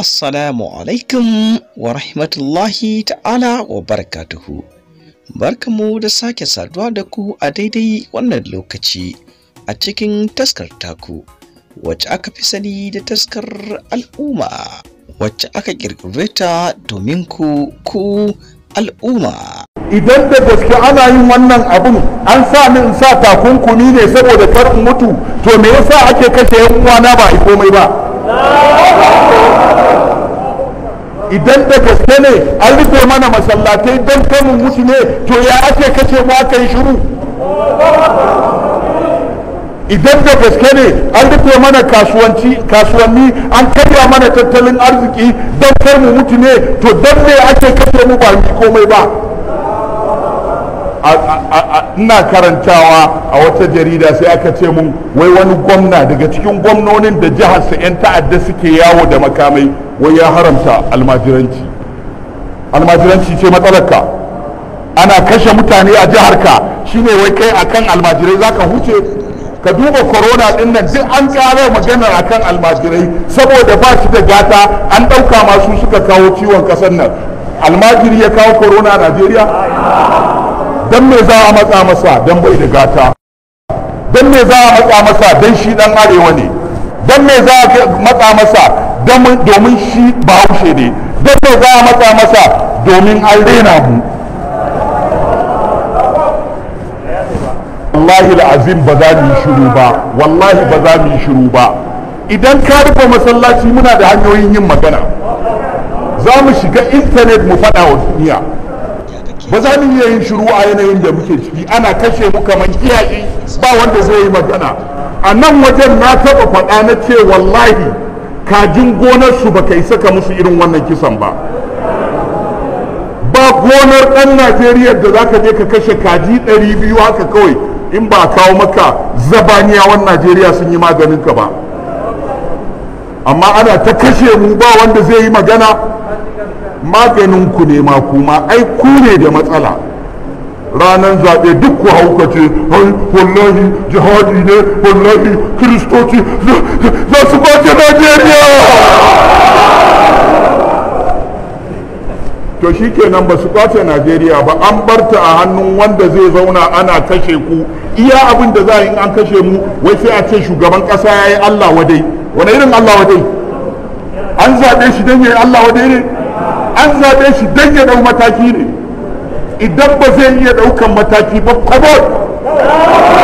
Assalamu alaikum wa rahmatullahi ta'ala wa barakatuhu. Barkamu da sake saduwa da ku a daidai wannan lokaci a cikin taskar taku, wacce aka fi sani da taskar al'umma, wacce aka ƙirƙire ta domin ku ku al'umma. Idan da gaske ana yin wannan abun an sa ni in sa takunkumi ne saboda kar mutu, to me yasa ake kashe yan ba a komai ba? idan da gaske ne an rufe mana masallatai don kamun mutu ne to ya ake kace mu aka yi shiru idan da gaske ne an rufe mana kasuwanci kasuwanni an karya mana tattalin arziki don mu mutu ne to don me ake kace mu ba komai ba ina karantawa a wata jarida sai aka ce mun wai wani gwamna daga cikin gwamnonin da sa 'yan ta'adda suke yawo da makamai wai ya haramta almajiranci almajiranci ce matsalarka ana kashe mutane a jiharka shine wai kai akan almajirai zaka huce ka duba corona din nan duk an ƙara maganar akan almajirai saboda ba shi da gata an ɗauka masu suka kawo ciwon kasar nan almajiri ya kawo corona a najeriya Dan me za a matsa masa Dan bai da gata Dan me za a matsa masa Dan shi dan arewa ne Dan me za a matsa masa domin shi haushe ne don ba za a matsa masa domin an rena mu wallahi azim ba za mu yi shiru ba wallahi ba za mu yi shiru ba idan ka rufe masallaci muna da hanyoyin yin magana za mu shiga intanet mu faɗawa wa duniya ba za mu iya yin shiru a yanayin da muke ciki ana kashe mu kamar kiyaye ba wanda zai yi magana a nan wajen na taɓa faɗa na ce wallahi kajin gonar su baka isa ka musu irin wannan kisan ba ba gonar ɗan najeriya da za ka je ka kashe kaji ɗari biyu haka kawai in ba kawo maka zabaniyawan najeriya sun yi maganin ka ba amma ana ta kashe mu ba wanda zai yi magana maganin ku ne ma kuma ai ku ne da matsala ranar zaɓe duk ku hauka ce wallahi jihadi ne wallahi kiristoci za su kwace najeriya to shi kenan ba su kwace najeriya ba an barta a hannun wanda zai zauna ana kashe ku iya abin da za a yi an kashe mu wai sai a ce shugaban ƙasa ya yi allah wadai wani irin allah wadai an zaɓe shi don ya yi allah wadai ne an zaɓe shi don ya ɗau mataki ne idan ba zai iya daukan mataki ba kabo